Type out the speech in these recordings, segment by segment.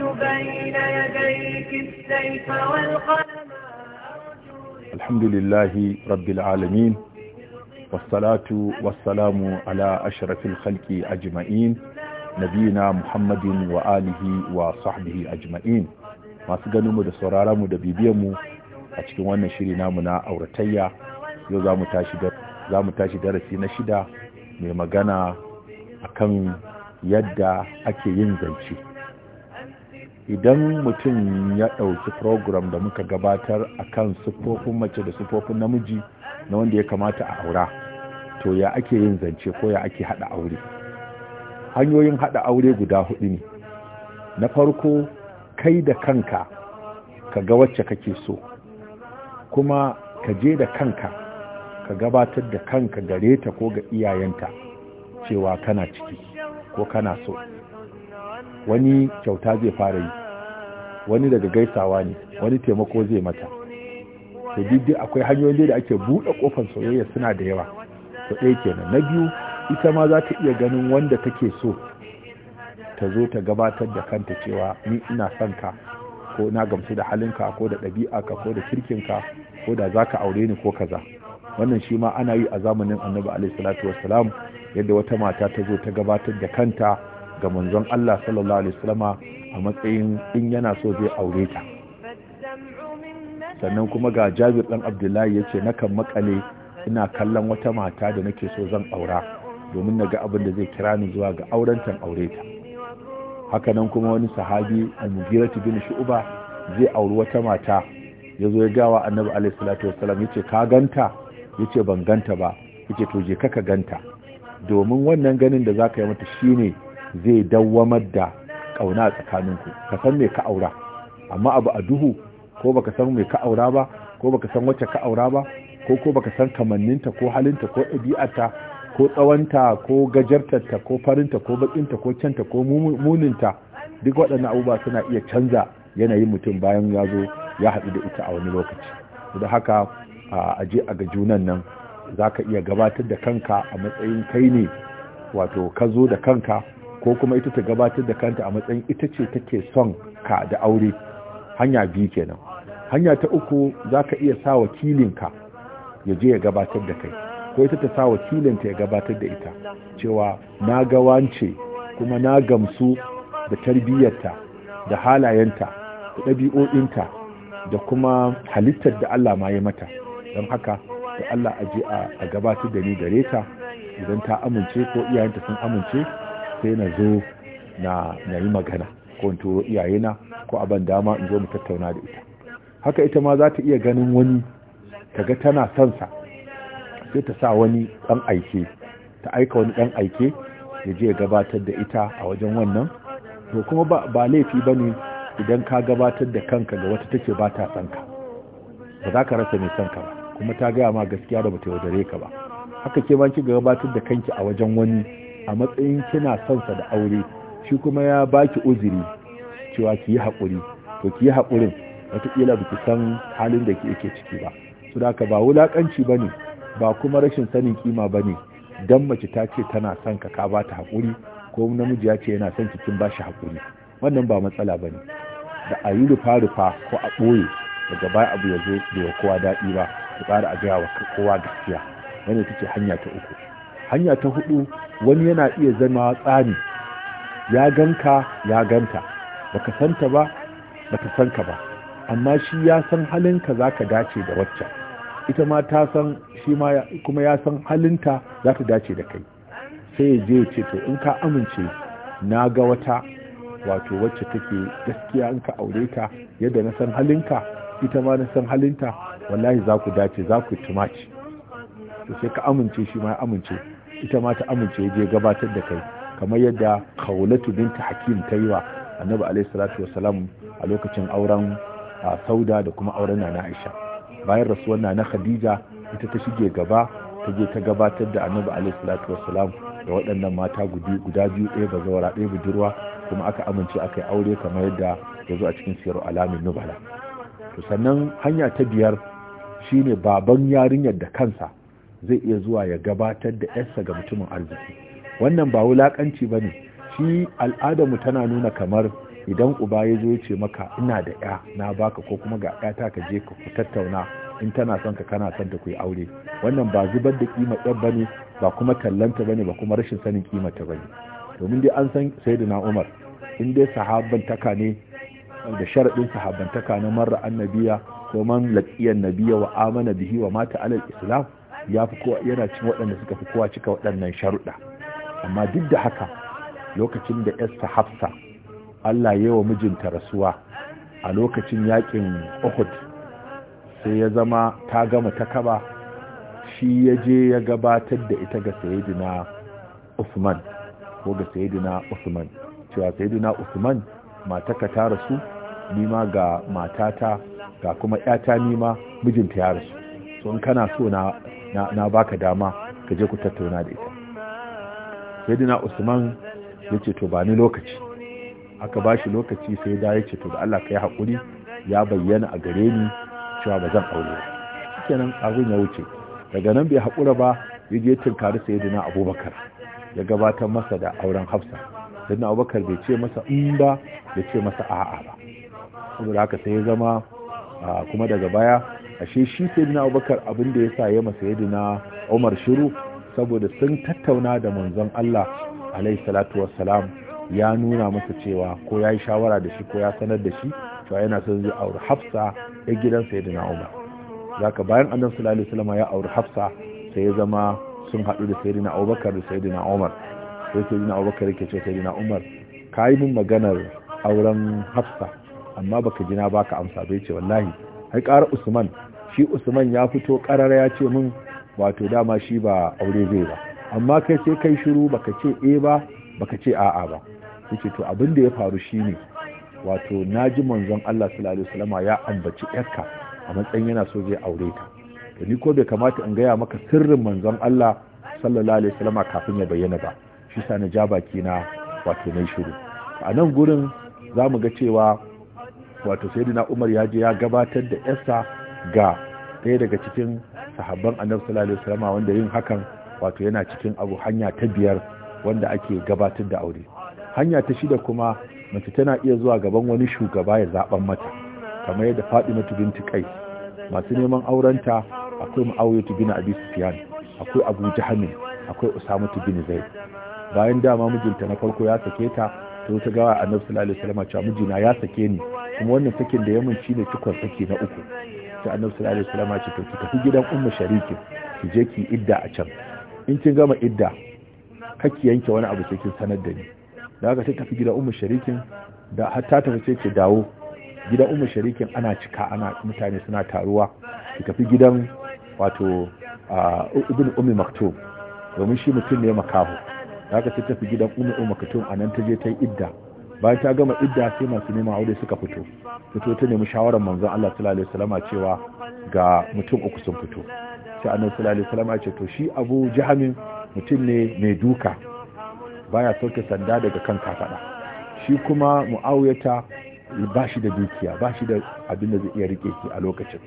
بين يديك السيف والقلم الحمد لله رب العالمين والصلاة والسلام على أشرف الخلق أجمعين نبينا محمد وآله وصحبه أجمعين masu ganin mu da sauraron mu da bibiyan mu a cikin wannan shiri namu na auratayya yau zamu tashi tashi darasi na shida mai magana akan yadda ake yin zance idan mutum ya ɗauki program da muka gabatar a kan siffofin mace da siffofin namiji na wanda ya kamata a aura to ya ake yin zance ko ya ake haɗa aure hanyoyin haɗa aure guda hudu ne na farko kai da kanka ka ga wacce kake so kuma ka je da kanka ka gabatar da kanka gare ta ko ga iyayenta cewa kana ciki ko kana so wani kyauta zai fara yi wani daga gaisawa ne wani taimako zai mata to duk akwai hanyoyin da ake buɗe kofar soyayya suna da yawa to ɗaya kenan na biyu ita ma za ta iya ganin wanda take so ta zo ta gabatar da kanta cewa ni ina son ka ko na gamsu da halinka ko da ɗabi'a ko da ka, ko da zaka aure ni ko kaza wannan shi ma ana yi a zamanin annabi alaihi salatu wassalam yadda wata mata ta zo ta gabatar da kanta ga manzon Allah sallallahu alaihi wasallama a matsayin in yana so zai aure ta sannan kuma ga Jabir ɗan Abdullahi yace kan makale ina kallon wata mata da nake so zan aura domin na ga abin da zai kira ni zuwa ga aurentan aure ta haka nan kuma wani sahabi al-Mughirah bin Shu'ba zai auri wata mata ya zo ya gawa Annabi alaihi salatu ya yace ka ganta yace ban ganta ba yace to je ka ka ganta domin wannan ganin da zaka yi mata shine zai dawwamar da ƙauna a tsakaninku ka san mai ka aura amma abu a duhu ko baka san me ka aura ba ko baka san wacce ka aura ba ko ko baka san kamanninta ko halinta ko ɗabi'arta ko tsawonta ko gajartarta ko farinta ko bakinta ko canta ko muninta duk waɗannan abubuwa suna iya canza yanayin mutum bayan ya zo ya haɗu da ita a wani lokaci da haka a je a ga junan nan za ka iya gabatar da kanka a matsayin kai ne wato ka zo da kanka ko kuma ita ta gabatar da kanta a matsayin ita ce take son ka da aure hanya biyu kenan hanya ta uku za ka iya sa wakilinka ya je ya gabatar da kai ko ita ta sa wakilinta ya gabatar da ita cewa na ga wance kuma na gamsu da tarbiyyarta da halayenta da ɗabi'o'inta da kuma halittar da Allah ma ya mata don haka da Allah a je a gabatar da ni gare ta idan ta amince ko iyayenta sun amince sai na zo na yi magana ko in turo iyayena ko abin dama in zo mu tattauna da ita haka ita ma za ta iya ganin wani ta ga tana son sa sai ta sa wani ɗan aike ta aika wani ɗan aike ya je gabatar da ita a wajen wannan to kuma ba laifi ba ne idan ka gabatar da kanka ga wata take ba ta son ba za ka rasa mai son ba kuma ta gaya ma gaskiya da bata yaudare ka ba haka ke ba ki gabatar da kanki a wajen wani a matsayin kina son sa da aure shi kuma ya baki uzuri cewa ki yi haƙuri to ki yi haƙurin wataƙila ba ki san halin da ke ciki ba su da ka ba wulaƙanci ba ne ba kuma rashin sanin kima ba ne don mace ta ce tana son ka ka ba ta haƙuri ko namiji ya ce yana son ki kin ba shi haƙuri wannan ba matsala ba ne da a yi rufa rufa ko a ɓoye daga baya abu ya zo da kowa daɗi ba ta tsara a gaya wa kowa gaskiya wannan ita ce hanya ta uku hanya ta hudu wani yana iya zama tsari ya ganka ya ganta baka santa ba bata san ka ba amma shi ya san halinka zaka dace da waccan ita ma ta san shi ma kuma ya san halinta za ta dace da kai sai ya je ce to in ka amince na ga wata wato wacce take gaskiya in ka aure ta yadda na san halinka ita ma na san halinta wallahi za ku dace za ku tumaci to sai ka amince shi ma ya amince ita ma ta amince je gabatar da kai kamar yadda khawlatu binta hakim ta yi wa annabi alaihi salatu wa salam a lokacin auren sauda da kuma auren nana aisha bayan rasuwar nana khadija ita ta shige gaba ta je ta gabatar da annabi alaihi salatu wa salam da waɗannan mata guda biyu ɗaya bazawara ɗaya budurwa kuma aka amince aka yi aure kamar yadda ya zo a cikin siyar alamin nubala to sannan hanya ta biyar shine baban yarinyar da kansa zai iya zuwa ya gabatar da yarsa ga mutumin arziki wannan ba wulakanci ba ne shi al'adarmu tana nuna kamar idan uba ya zo ya ce maka ina da ya na baka ko kuma ga ya ta ka je ka tattauna in tana son ka kana son ta ku yi aure wannan ba zubar da kima ƴar ba ne ba kuma tallanta ba ne ba kuma rashin sanin kima ta ba ne domin dai an san sayyidina umar in dai sahabbantaka ne da sharaɗin sahabbantaka na marar annabiya ko man laqiyan nabiyya wa amana bihi wa mata alal islam ya fi kowa yana cin waɗanda suka fi kowa cika waɗannan sharuɗa amma duk da haka lokacin da Esther Hafsa Allah ya yi wa mijinta rasuwa a lokacin yakin Uhud sai ya zama ta gama ta kaba shi ya je ya gabatar da ita ga sayidina Usman ko ga sayidina Usman cewa sayidina Usman mataka ta rasu nima ga matata ga kuma 'yata nima mijinta ya rasu so in kana so na na baka dama ka je ku tattauna da ita sayyidina usman ya ce to ba ni lokaci aka ba shi lokaci sai da ya ce to da Allah ka yi haƙuri ya bayyana a gare ni cewa ba zan aure kenan abin ya wuce daga nan bai haƙura ba ya je tunkari sayyidina abubakar ya gabatar masa da auren hafsa sayyidina abubakar bai ce masa in mm ba bai ce masa a'a ba saboda haka sai ya zama ah, kuma daga baya ashe shi sayyidina abubakar abin da ya sa ya masa na umar shiru saboda sun tattauna da manzon Allah alai salatu wassalam ya nuna masa cewa ko ya yi shawara da shi ko ya sanar da shi cewa yana son zai auri hafsa ya gidan sayyidina umar zaka bayan annan sallallahu alaihi ya auri hafsa sai ya zama sun haɗu da sayyidina abubakar da sayyidina umar sai sayyidina abubakar yake ce umar ka yi min maganar auren hafsa amma baka jina baka amsa bai ce wallahi ai ƙara usman shi usman ya fito karara ya ce min wato dama shi ba aure zai ba amma kai sai kai shiru baka ce eh ba baka ce a'a ba yace to abin da ya faru shine wato naji manzon Allah sallallahu alaihi wasallama ya ambaci yarka a matsayin yana so zai aure ta to ni ko bai kamata in gaya maka sirrin manzon Allah sallallahu alaihi wasallama kafin ya bayyana ba shi sa na ja baki na wato nai shiru a nan gurin zamu ga cewa wato sayyidina Umar ya je ya gabatar da yarsa ga ɗaya daga cikin sahabban annabi sallallahu alaihi wanda yin hakan wato yana cikin abu hanya ta biyar wanda ake gabatar da aure hanya ta shida kuma mace tana iya zuwa gaban wani shugaba ya zaben mata kamar yadda Fatimatu binti kai, masu neman aurenta akwai Muawiyah a Abi Sufyan akwai Abu Jahm akwai Usamatu bin Zaid bayan dama mijinta na farko ya sake ta to ta gawa Annabi sallallahu alaihi wasallam cewa mijina ya sake ni kuma wannan sakin da ya mun shine cikon saki na uku sai annabi sallallahu alaihi wasallam ce to ki tafi gidan ummu sharikin ki je ki idda a can in kin gama idda kake yanke wani abu sai kin sanar da ni da haka sai tafi gidan ummu sharikin da har ta tafi sai ki dawo gidan ummu sharikin ana cika ana mutane suna taruwa ki tafi gidan wato ibn ummi maktum domin shi mutum ne makaho da haka sai tafi gidan ummu maktum anan ta je ta yi idda bayan ta gama idda sai masu neman aure suka fito fito ta nemi shawarar manzon Allah sallallahu alaihi wasallam cewa ga mutum uku sun fito sai annabi sallallahu alaihi wasallam ya ce to shi Abu Jahamin mutum ne mai duka baya sauke sanda daga kan kafada shi kuma Muawiyata ba shi da dukiya ba shi da abin da zai iya rike ki a lokacin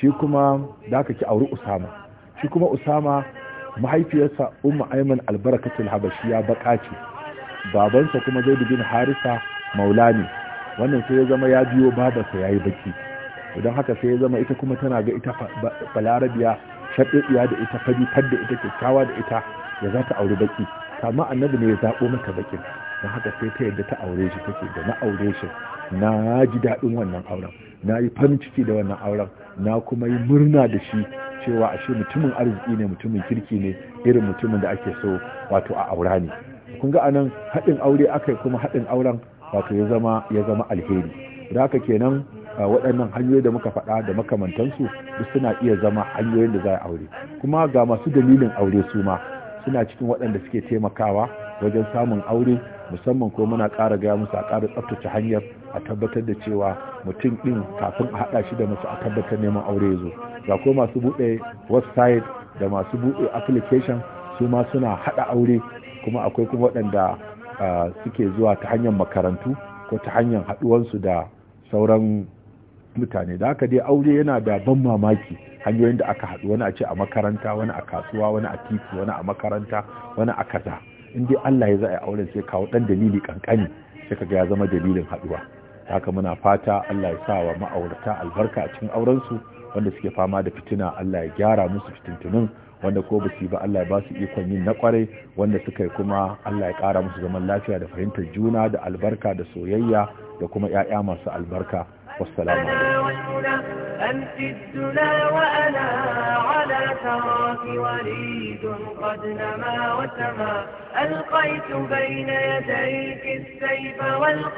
shi kuma da aka ki auri Usama shi kuma Usama mahaifiyarsa Ummu Ayman albarakatul Habashiya baka ce babansa kuma zai bin harisa maula wannan sai ya zama ya biyo babarsa ya yi baki don haka sai ya zama ita kuma tana ga ita balarabiya shaɗaɗiya da ita fari fadda ita kyakkyawa da ita ya za ta auri baki kama annabi ne ya zaɓo mata bakin don haka sai ta yadda ta aure shi take da na aure shi na ji daɗin wannan auren na yi farin ciki da wannan auren na kuma yi murna da shi cewa ashe mutumin arziki ne mutumin kirki ne irin mutumin da ake so wato a aura ne kun ga anan haɗin aure aka kuma haɗin auren wato ya zama ya zama alheri da haka kenan waɗannan hanyoyi da muka faɗa da makamantansu duk suna iya zama hanyoyin da za a aure kuma ga masu dalilin aure su ma suna cikin waɗanda suke taimakawa wajen samun aure musamman ko muna ƙara gaya musu a ƙara tsaftace hanyar a tabbatar da cewa mutum ɗin kafin a haɗa shi da masu a tabbatar neman aure zo ga ko masu buɗe website da masu buɗe application su ma suna haɗa aure kuma akwai kuma waɗanda suke zuwa ta hanyar makarantu ko ta hanyar haɗuwansu da sauran mutane da haka dai aure yana da ban mamaki hanyoyin da aka haɗu wani a ce a makaranta wani a kasuwa wani a titi wani a makaranta wani a kaza in dai Allah ya za a yi auren sai kawo ɗan dalili kankani sai kaga ya zama dalilin haɗuwa haka muna fata Allah ya sa wa ma'aurata albarka a cikin aurensu wanda suke fama da fitina Allah ya gyara musu fitintunin wanda ko ba ba Allah ya ba su ikon yin na kware wanda suka yi kuma Allah ya kara musu zaman lafiya da fahimtar juna da albarka da soyayya da kuma 'ya'ya masu albarka والسلام أنت الدنا وأنا على ثراك وليد قد نما وسما ألقيت بين يديك السيف والقلب